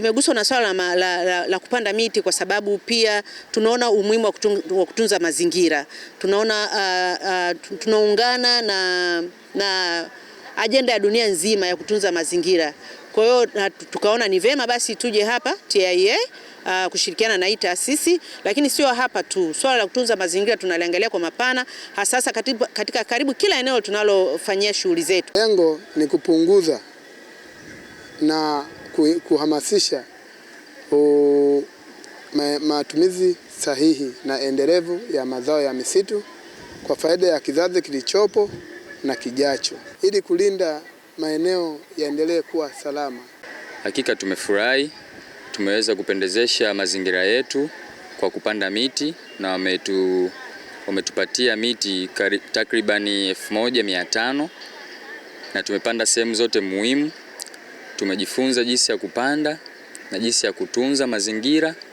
Tumeguswa na swala la, la, la, la kupanda miti kwa sababu pia tunaona umuhimu wa, wa kutunza mazingira. Tunaona uh, uh, tunaungana na, na ajenda ya dunia nzima ya kutunza mazingira. Kwa hiyo tukaona ni vema basi tuje hapa TIA uh, ah, kushirikiana na hii taasisi, lakini sio hapa tu. Swala la kutunza mazingira tunaliangalia kwa mapana, hasa katika, katika karibu kila eneo tunalofanyia shughuli zetu. Lengo ni kupunguza na kuhamasisha u, ma, matumizi sahihi na endelevu ya mazao ya misitu kwa faida ya kizazi kilichopo na kijacho ili kulinda maeneo yaendelee kuwa salama. Hakika tumefurahi, tumeweza kupendezesha mazingira yetu kwa kupanda miti na wametu, wametupatia miti takribani elfu moja mia tano na tumepanda sehemu zote muhimu. Tumejifunza jinsi ya kupanda na jinsi ya kutunza mazingira.